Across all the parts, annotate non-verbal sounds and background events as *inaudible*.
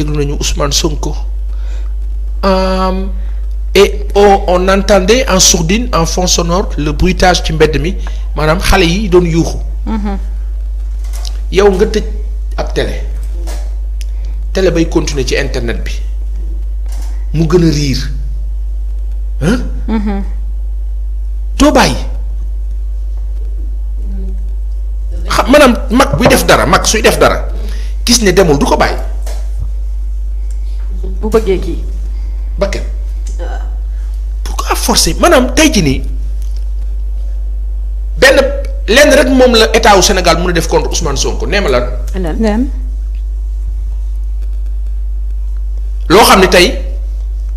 déglu nañu Ousmane Sonko et on on entendait en sourdine en fond sonore le bruitage ci mbedd mi maanaam xale yi doon yuuxu. Mhm. yow nga tëj ab télé télé bay continuer ci internet bi mu gën a riir ah. doo bàyyi xam maanaam mag buy def dara mag suy def dara gis demul du ko bu bëggee kii. pour ah. pourquoi forcer maanaam tey jii nii benn lenn rek moom la état senegal Sénégal mun a def contre Ousmane Sonko nee ma lan. loo xam ne tey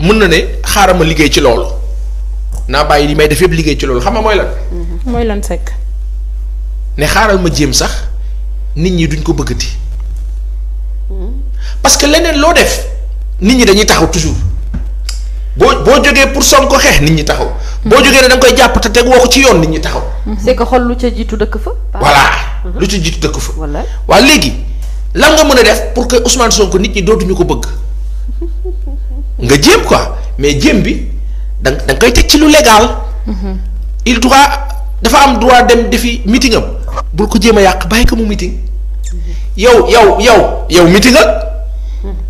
mun na ne xaaral ma liggéey ci loolu naa bàyyi li may def yëpp liggéey ci loolu xam nga mooy lan. Mhm. mooy lan sekk. ne xaaral ma jéem sax nit ñi duñ ko bëggati. Mhm. parce que leneen loo def. nit ñi dañuy taxaw toujours boo boo jógee pour Sonko xeex nit ñi taxaw. boo mhm. jógee ne da koy jàpp te teg woo ko ci yoon nit ñi taxaw. Mhm. c'est que xool lu ca jiitu dëkk fa. voilà mhm. lu ca jiitu dëkk fa. waa léegi lan nga mën a def pour que Ousmane ko nit ñi dootuñu ko bëgg *laughs* nga jéem quoi mais jéem bi da da koy teg ci lu légal. il doit dafa am droit dem defi meeting am bul ko jéem a yàq bàyyi ko mu meeting yow yow yow yow meeting ak.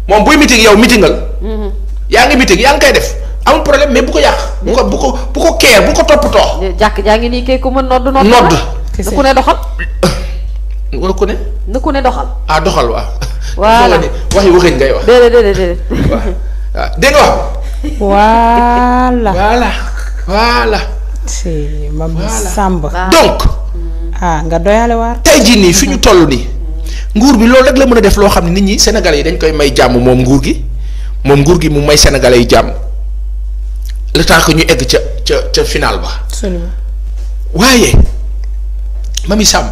moom buy meeting yow meetingal. Mhm. yaa ngi meeting yaa ngi koy def am problème mais bu ko yàq. bu ko bu ko bu ko keer bu ko toppatoo. jàkk jaa ngi nii kay ku mën nodd nodd nodd na ku ne doxal. *coughs* wala ku ne. na ku ne doxal. ah doxal waaw. *laughs* voilà wax yi waxee ngay wax. déedéet déedéet déedéet. *laughs* waaw waaw ah, dégg nga wax. voilà *laughs* voilà. voilà. si Mame Samba. donc. Mm. ah nga doyale waar. tey jii nii fi ñu toll nii. nguur bi loolu rek la mën a def loo xam ne nit ñi sénégalais yi dañ koy may jàmm moom nguur gi moom nguur gi mu may sénégalais yi jàmm le temps que ñu egg ca ca ca final ba. waaye Mamy Samb.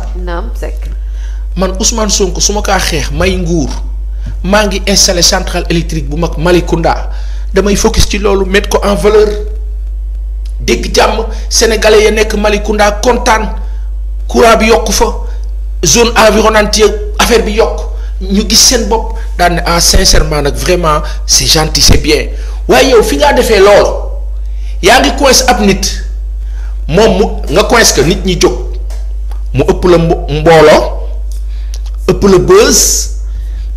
man Ousmane Sonko su ma kaa xeex may nguur maa ngi installé centrale électrique bu mag Malicounda damay focus ci loolu mettre ko en valeur dégg jàmm sénégalais ya nekk Malicounda kontaan courant bi yokku fa zone environnante affaire bi yok ñu gis ah sincèrement vraiment c'est gentil c'est bien Way yow fi nga defee lool ya nga coince ap nit mom nga coince que nit ñi mu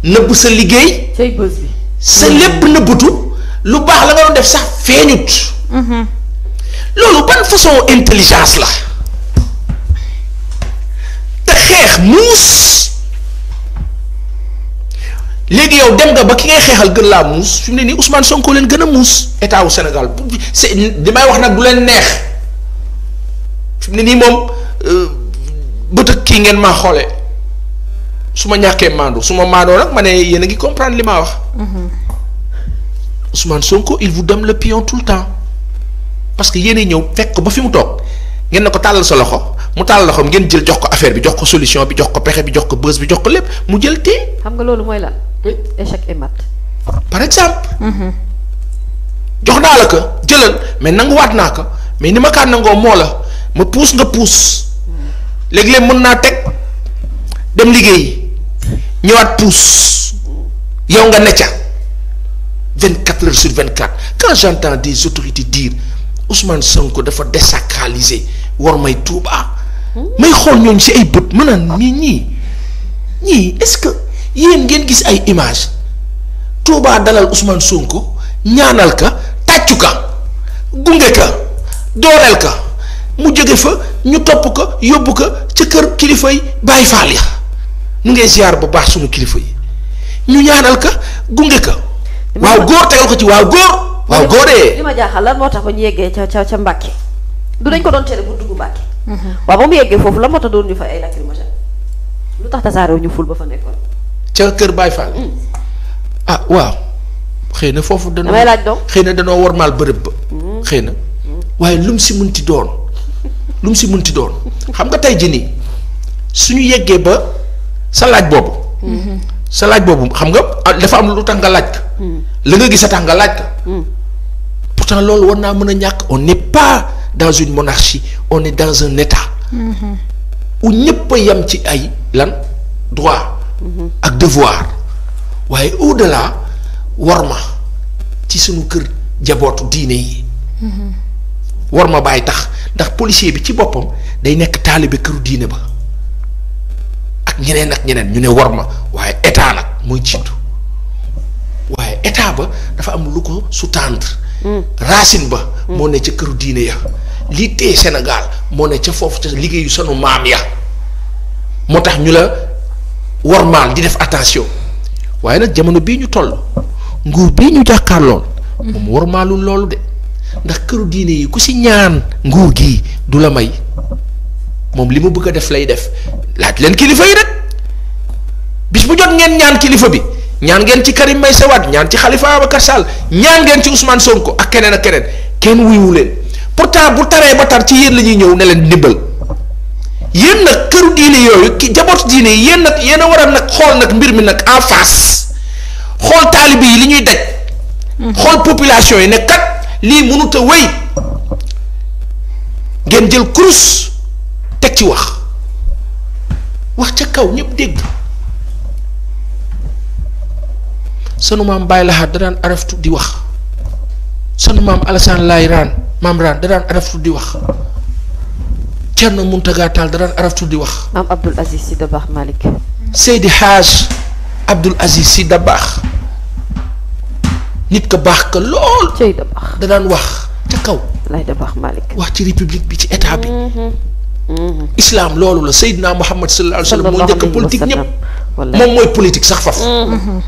la le sa liggéey. sa le lu bax la nga def mm-hmm. ban façon intelligence la te légui yow dem nga ba ki ngay xéxal gën la mous fim ni Ousmane Sonko len gëna mous état eh, au Sénégal c'est dimay wax nak du len neex fi fim ni mom euh beutek ki ngeen ma xolé eh. suma ñaké mando suma mando nak mané yeen ngi comprendre lima wax Ousmane Sonko il vous donne le pion tout le temps parce que yene ñew fekk ba fi mu tok ngeen nako talal sa loxo mu talal loxom ngeen jël jox ko affaire bi jox ko solution bi jox ko pexé bi jox ko buzz bi jox ko lepp mu jël té xam nga lolu moy lan oui échec et maths. par exemple. jox naa la ko jëlal mais nanguwaat naa ko mais ni ma kaa nangoo moo la ma puus nga puus léeg-léeg mën naa teg dem liggéeyi ñëwaat puus yow nga necca vingt quatre heures sur vingt quatre quand j'entends des autorités dire Ousmane Sonko dafa désacraliser war may Touba may xool ñooñu si ay bët mën a ñii ñii ñii est yéen ngeen gis ay image Touba dalal Ousmane Sonko ñaanal ka tàccu ka gunge ka dooleel ka mu jóge fa ñu topp ko yóbbu ko ca kër kilifa yi bàyyi faal ya ñu ngay ziar bu baax suñu kilifa yi ñu ñaanal ka gunge ka waaw góor tegal ko ci waaw góor waaw góoree li ma jaaxal lan moo tax ba ñu yeggee ca ca ca Mbàkke du dañ ko doon tere bu dugg Mbàkke mhm. waaw ba mu yeggee foofu la moo tax doon ñu fa ay lacrymogène lu tax tasaaroo ñu ful ba fa nekkoon ca Kër baay faa mm. ah waaw xëy na foofu. danoo xëy na danoo war maal bërëb ba. Mm. xëy na mm. waaye lum si mun munti doon lum si mun munti doon xam nga tey jii nii suñu yeggee ba sa laaj boobu. Mm-hmm. sa laaj boobu xam nga ah, dafa am lu tax nga laaj. la nga gis a tax nga laaj. pourtant loolu war naa mën a ñàkk on n'est pas dans une monarchie on est dans un état. Mm-hmm. où ñëpp a yem ci ay lan droit. ak devoir waaye au delà war ma ci sunu kër jabootu diine yi. war ma bàyyi tax ndax policier bi ci boppam day nekk taalibe këru diine ba ak ñeneen ak ñeneen ñu ne war ma waaye état nag mooy jiitu waaye état ba dafa am lu ko sous-tendre. racine ba. moo ne ca këru diine ya. lii tee Sénégal moo ne ca foofu ca liggéeyu sunu maam ya moo tax ñu la. wormaal di def attention waaye nag jamono bii ñu toll nguur bii ñu jàkkaar lool moom wormaalul loolu de ndax këru diine yi ku si ñaan nguur gi du la may moom li mu bëgg a def lay def laaj leen kilifa yi rek bis bu jot ngeen ñaan kilifa bi ñaan ngeen ci kari Meïssa Wade ñaan ci Khalifa Ababacar Sall ñaan ngeen ci Ousmane Sonko ak keneen ak keneen kenn wuyuwu leen pourtant bu taree ba tar ci yéen la ñuy ñëw ne leen ndimbal yéen nag këru diine yooyu ki jabootu diine yi yéen nag yéen a war a nag xool nag mbir mi nag en face xool taalibe yi li ñuy daj. Mhm. xool population yi ne kat lii mënut ko wéy ngeen jël kurus teg ci wax wax ca kaw ñépp dégg. sunu maam Baye Lahat da daan araftu di wax sunu maam Alassane Laye Raan maam Raan da daan araftu di wax. Thierno Mountaga Tall da daan araftu di wax. maam Abdoul Aziz Sy Dabakh Malick. Seydi Hadj Abdoul Aziz Sy Dabakh nit ka baax ka lool. Sey Dabakh da daan wax ca kaw. lay Dabakh Malick. wax ci république bi ci état bi. Mm-hmm. Mm-hmm. islam loolu la Seydina Muhammad sallallahu alayhi wa sallam moo njëkk politique ñëpp. moom mooy politique sax faf mm-hmm.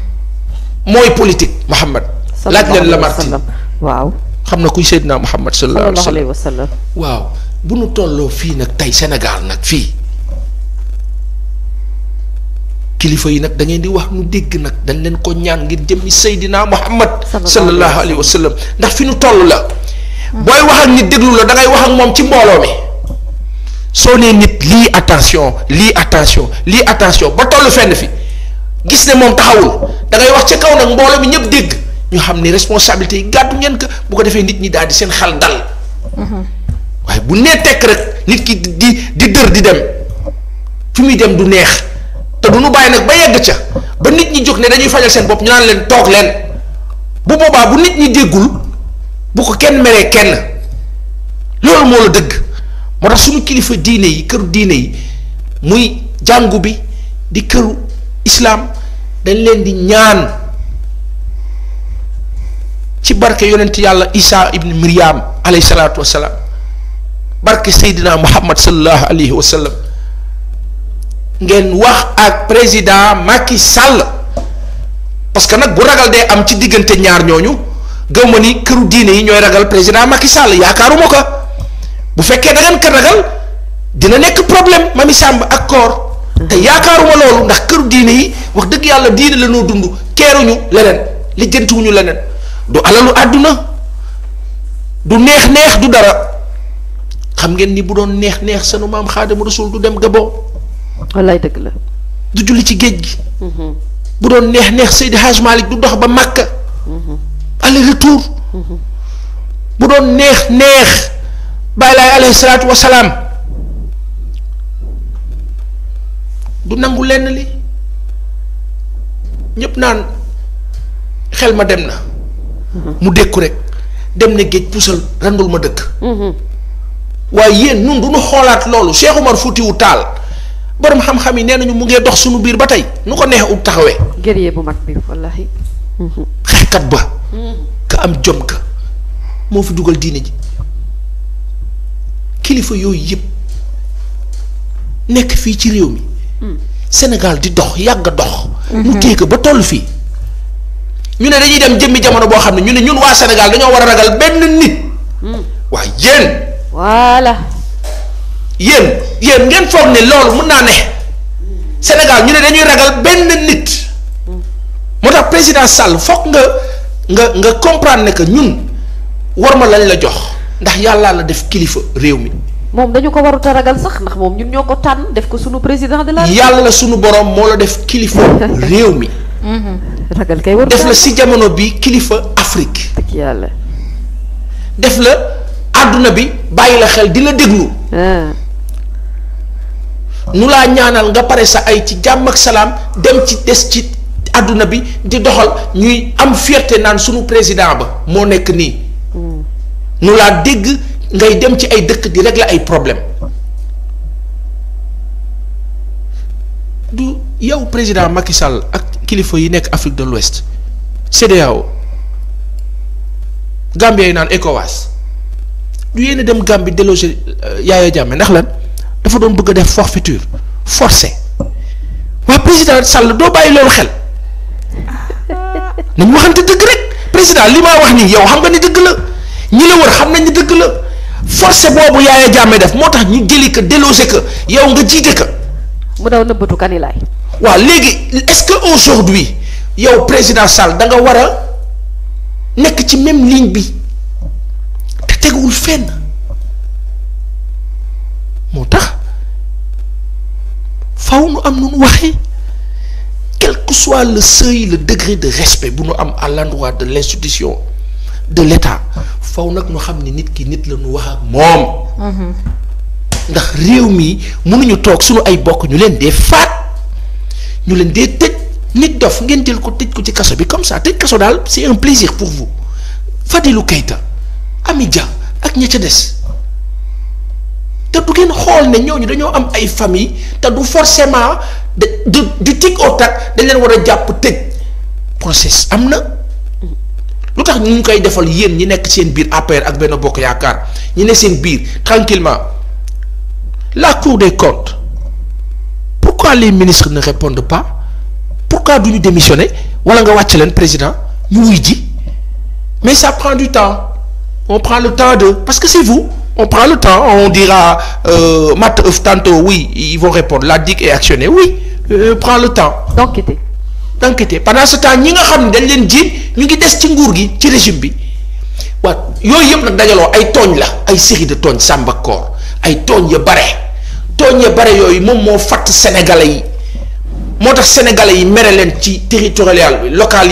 mooy politique Muhammad. laaj leen Lamartine waaw. xam na kuy Seydina Muhammad sallallahu alayhi wa sallam waaw. bu nu tolloo fii nag tey Sénégal nag fii kilifa yi nag da di wax nu dégg nag dañ leen ko ñaan ngir jëmmi Seydina Muhammad sallallahu alayhi wa ndax fi nu toll la hmm. booy wax ak nit déglu la dangay wax ak moom ci mbooloo mi soo nee nit lii attention lii attention lii attention ba toll fenn fi gis ne moom taxawul da ngay wax ci kaw nag mbooloo mi ñëpp dégg ñu xam ne responsabilité yi gàddu ngeen ko bu ko defee nit ñi daal di seen xel dal hmm. bu nee tekk rek nit ki di di dër di dem fi muy dem du neex te du ñu bàyyi nag ba yegg ca ba nit ñi jóg ne dañuy fajal seen bopp ñaan leen toog leen bu boobaa bu nit ñi déggul bu ko kenn meree kenn loolu moo la dëgg moo tax suñu kilifa diine yi këru diine yi muy jàngu bi di këru islaam dañ leen di ñaan ci barke yonent yàlla isaa ibn Maryam alayhi wassalaam barki sayidina muhammad sallallahu alaihi wasallam ngeen wax ak president Macky Sall parce que nak bu ragal day am ci diggante ñaar ñooñu geuma ni këru diine yi ñoy ragal président Macky Sall yaakaaruma bu fekke da ngeen ko ragal dina nek problème mami samba ak koor te yaakaaruma loolu ndax këru diine yi wax dëgg yàlla diine la noo dund keeruñu leneen Do leneen du alalu aduna du neex neex du dara xam ngeen ni bu doon neex neex sanu maam xaadimu rasul du dem Gabon. wallaay dëgg la. du julli ci géej gi. Mm-hmm. bu doon neex neex Seydi Hadj Malick du dox ba Makka. Mm-hmm. aller retour. Mm-hmm. bu doon neex neex bàyyi laay alayhi salaatu wa salaam du nangu lenn li ñépp naan xel ma dem na. mu dékku rek dem na géej puusal randul ma dëkk. waaye yéen ñun du ñu xoolaat loolu Cheikh Umar Foutiou Tall boroom xam-xam yi nee nañu mu ngee dox suñu biir ba tey nu ko neex ut taxawee. guerrier bu mag bi wallaahi. xeexkat ba. ka am jom ka moo fi dugal diine ji kilifa yooyu yépp nekk fii ci réew mi. Sénégal di dox yàgg dox. mu mhm. téye ba toll fii. ñu ne dañuy dem jëmmi jamono boo xam ne ñu ne ñun waa Sénégal dañoo war a ragal benn nit. Mhm. waaye yéen. voilà. yéen yéen ngeen foog ne loolu mun naa ne Sénégal ñu ne dañuy ragal benn nit moo tax président Sall foog nga nga nga comprendre ne que ñun war ma lañ la jox ndax yàllaa la def kilifa réew mi. moom dañu ko warut a ragal sax ndax moom ñun ñoo ko tànn def ko sunu président de la. yàlla la sunu borom moo la def kilifa *laughs* réew mi. Mhm. ragal kay war def la si jamono bi kilifa Afrique. dëgg yàlla. def la. àdduna bi bàyyi la xel di la déglu ah. nu laa ñaanal nga pare sa ay ci jàmm ak salaam dem ci des ci àdduna bi di doxal ñuy am fierté naan sunu président ba moo nekk nii hmm. nu laa dégg ngay dem ci ay dëkk di régler ay problème du yow président Macky ak kilifa yi nekk Afrique de l'Ouest CEDEAO Gambia yi naan ECOWAS du yéene dem gambi déloger euh, Yaya Jammeh ndax lan dafa doon bëgg def forfaiture forcé wa président Sall do bàyyi loolu xel nañ waxante dëgg rek président li ma wax ni yow xam nga ni dëgg la ñi la wër xam nañ ni dëgg la forcé bobu Yaya Jammeh def motax ñu jëli ko déloger ko yow nga jité ko. mu daw nëbbatu kanilaay. wa légui est-ce que aujourd'hui yow président Sall da nga wara nek ci même ligne bi teguwul fenn mon tax nu am nu waxe quel que soit le seuil le degré de respect bu am à l'endroit de l'institution de l'État faw nak nu xam ni nit ki nit la nu wax ak moom mhm. ndax réew mi mënuñu toog suñu ay bokk ñu leen dee faat ñu leen dee tëj nit dof ngeen ko ko ci bi comme ça c'est un plaisir pour vous Fadilou Keita Amidia ak ñi ca dess te du ngeen xool ne ñooñu dañoo am ay famille te du forcément de du tic au tac dañ leen wara japp tej process amna lutax ñu ngi koy defal yeen ñi nekk seen biir APR ak benn bokk yaakaar ñi ne seen biir tranquillement la cour des comptes pourquoi les ministres ne répondent pas pourquoi du démissionner wala nga wàcc leen président ñu wuy ji mais ça prend du temps. On prend le temps de... Parce que c'est vous. On prend le temps. On dira, euh, tantôt, oui, ils vont répondre. La et est Oui, euh, prend le temps. D'enquêter. D'enquêter. Pendant ce temps, nous avons dit, nous avons des le régime. wa yo yëpp dit, ay ton la série de Samba corps ay ya baré et sénégalais yi sénégalais local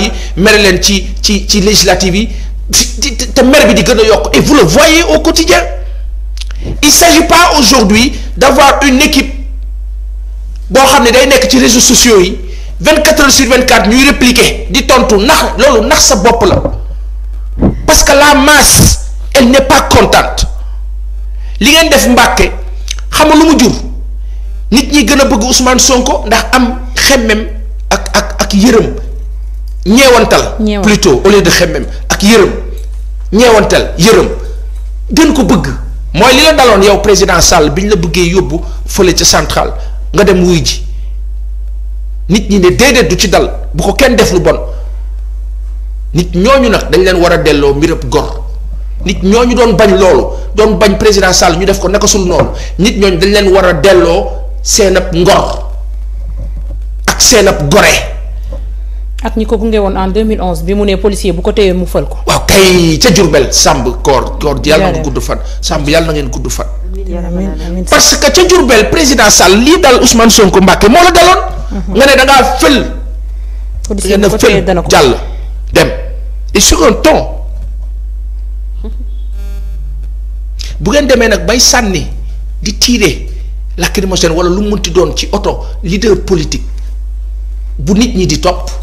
législative et vous le voyez au quotidien il s'agit pas aujourd'hui d'avoir une équipe day réseaux sociaux 24 heures sur 24 ñuy répliquer di tontu sa la parce que la masse elle n'est pas contente li ngeen def mbacké xam lu mu jur nit ñi bëgg Ousmane Sonko ndax am xemem ak ak ak plutôt au lieu de même. yërëm ñeewantal yërëm gën ko bëgg mooy li la daloon yow président Sall bi ñu la bëggee yóbbu fële ca central nga dem wuy ji nit ñi ne déedéet du ci dal bu ko kenn def lu bon nit ñooñu nag dañ leen war a delloo mbirëb gor nit ñooñu doon bañ loolu doon bañ président Sall ñu def ko naka sul noonu nit ñooñu dañ leen war a delloo seen ab ngor ak seen ab gore ak ñi ko gunge en 2011 bi mu ne policier bu ko téyee mu fël ko. wa kay ci jurbel Samb kor, kor di yalla guddu fat Samb yalla ngeen guddu fat parce que ci jurbel président Sall li dal Ousmane Sonko Mbacké mo la dalon mhm. nga ne da nga fël. policier dem et sur un ton bu ngeen demee nak bay sanni di tiré lacrymogène wala lu mu doon ci auto leader politique bu nit ñi di top.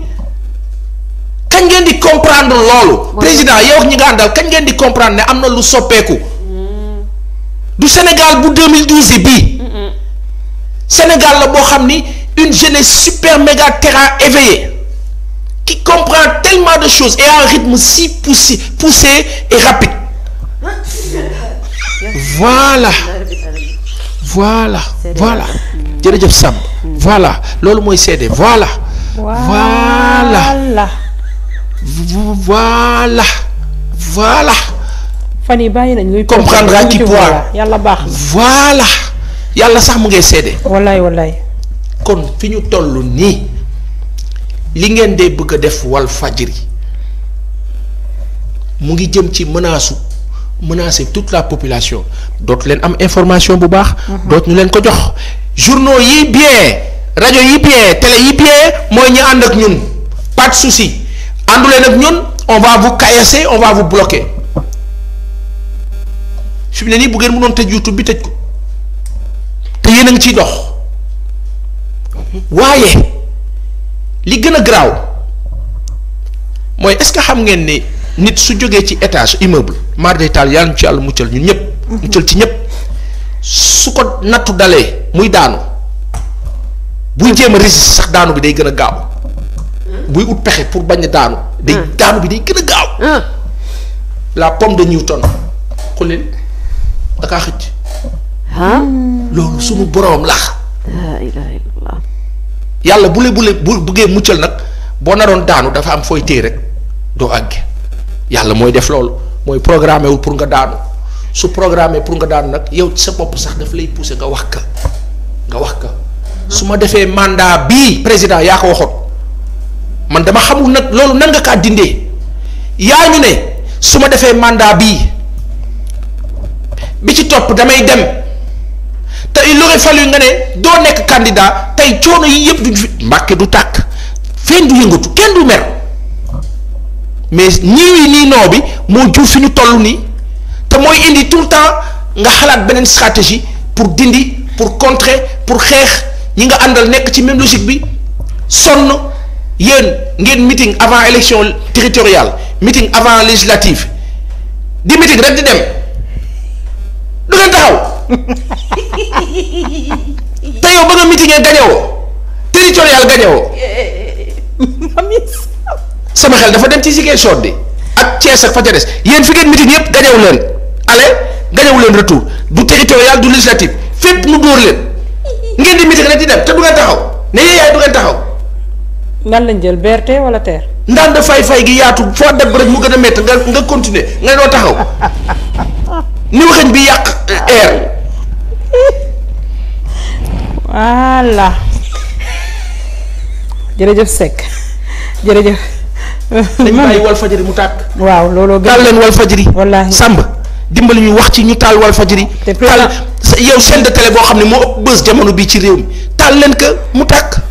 di comprendre l'olo président yow ak ñi nga àndal di comprendre à nos lu soppeku du Sénégal bu 2012 bi Sénégal la bo xamni une jeunesse super méga terrain éveillé qui comprend tellement de choses et un rythme si poussé poussé et rapide. voilà voilà voilà voilà l'eau voilà c'est voilà voilà. voilà voilà voilà. fan baye bàyyi nañ luy. comprendre ak voilà bax voilà yalla sax mu ngay seede. wallahi wallahi kon fiñu tollu ni li ngeen dee bëgg a def wal fajri mu ngi jëm ci menace menacer toute la population dot leen am information bu baax. Mhm. dot ñu leen ko jox. journaux yi bien radio yi bien télé yi bien moyen ñi and ak ñun pas de souci. àndu leen ak ñun on va vous casser on va vous bloquer fi mu ne nii bu ngeen mënoon tëj YouTube bi tëj ko te yéen ciy dox waaye li gën a garaaw mooy est-ce que xam ngeen ni nit su jógee ci étage immeuble maar day taal ci àll muccal ñun ñëpp. muccal ci ñëpp su ko nattu dalee muy daanu buy jéem a résister sax daanu bi day gën a gaaw. buy ut pexe pour bañ a daanu. day ah. daanu bi day gën a gaaw. Ah. la pomme de Newton xulil da kaa xëcc. Ah. loolu sunu boroom la. yàlla bule bule bu le buggee muccal nag boo naroon daanu dafa am fooy téye rek doo àgg yàlla mooy def loolu mooy programmé wul pour nga daanu su programmé pour nga daanu nag yow ci sa bopp sax daf lay poussé nga wax ka nga wax ka su ma defee mandat bi président yaa ko waxoon. man dama xamul nag loolu nan nga kaa dindee yaa ñu ne su ma defee mandat bii bi ci topp damay dem te il aurait fallu nga ne doo nekk candidat tey coono yi yëpp duñ fi mbàkke du tàkk fen du yëngatu kenn du mer mais nii nii noo bi moo jur suñu ñu nii te mooy indi tout le temps nga xalaat beneen stratégie pour dindi pour contrer pour xeex ñi nga àndal nekk ci même logique bi sonn. yéen ngeen meeting avant élection territoriale meeting avant législative di meeting rek di dem du ngeen taxaw *laughs* te yow ba nga meetingee gañewoo territorial gañewoo *laughs* sama xel dafa dem ci Ziguinchor bi ak Thiès ak fa ca des yéen fi ngeen meeting yépp gañew leen aller gañew leen retour du territorial du législatif fépp mu dóor leen ngeen di meeting rek di dem te du ngeen taxaw ne yéen du ngeen taxaw nan lañ jël BRT wala teer ndaan da fay fay gi yaatu foo dab mu gën a métti nga nga continuer nga doo taxaw *laughs* ni waxañ bi yàq air. voilà jërëjëf Seck jërëjëf. dañ *laughs* bàyyi wal fajiri mu tàkk. waaw looloo gën taal leen wal fajiri. wallaahi sàmb dimbali ñu wax ci ñu taal wal fajiri. te yow chaîne de télé boo xam ne moo ëpp bës jamono bii ci réew mi taal leen que mu tàkk.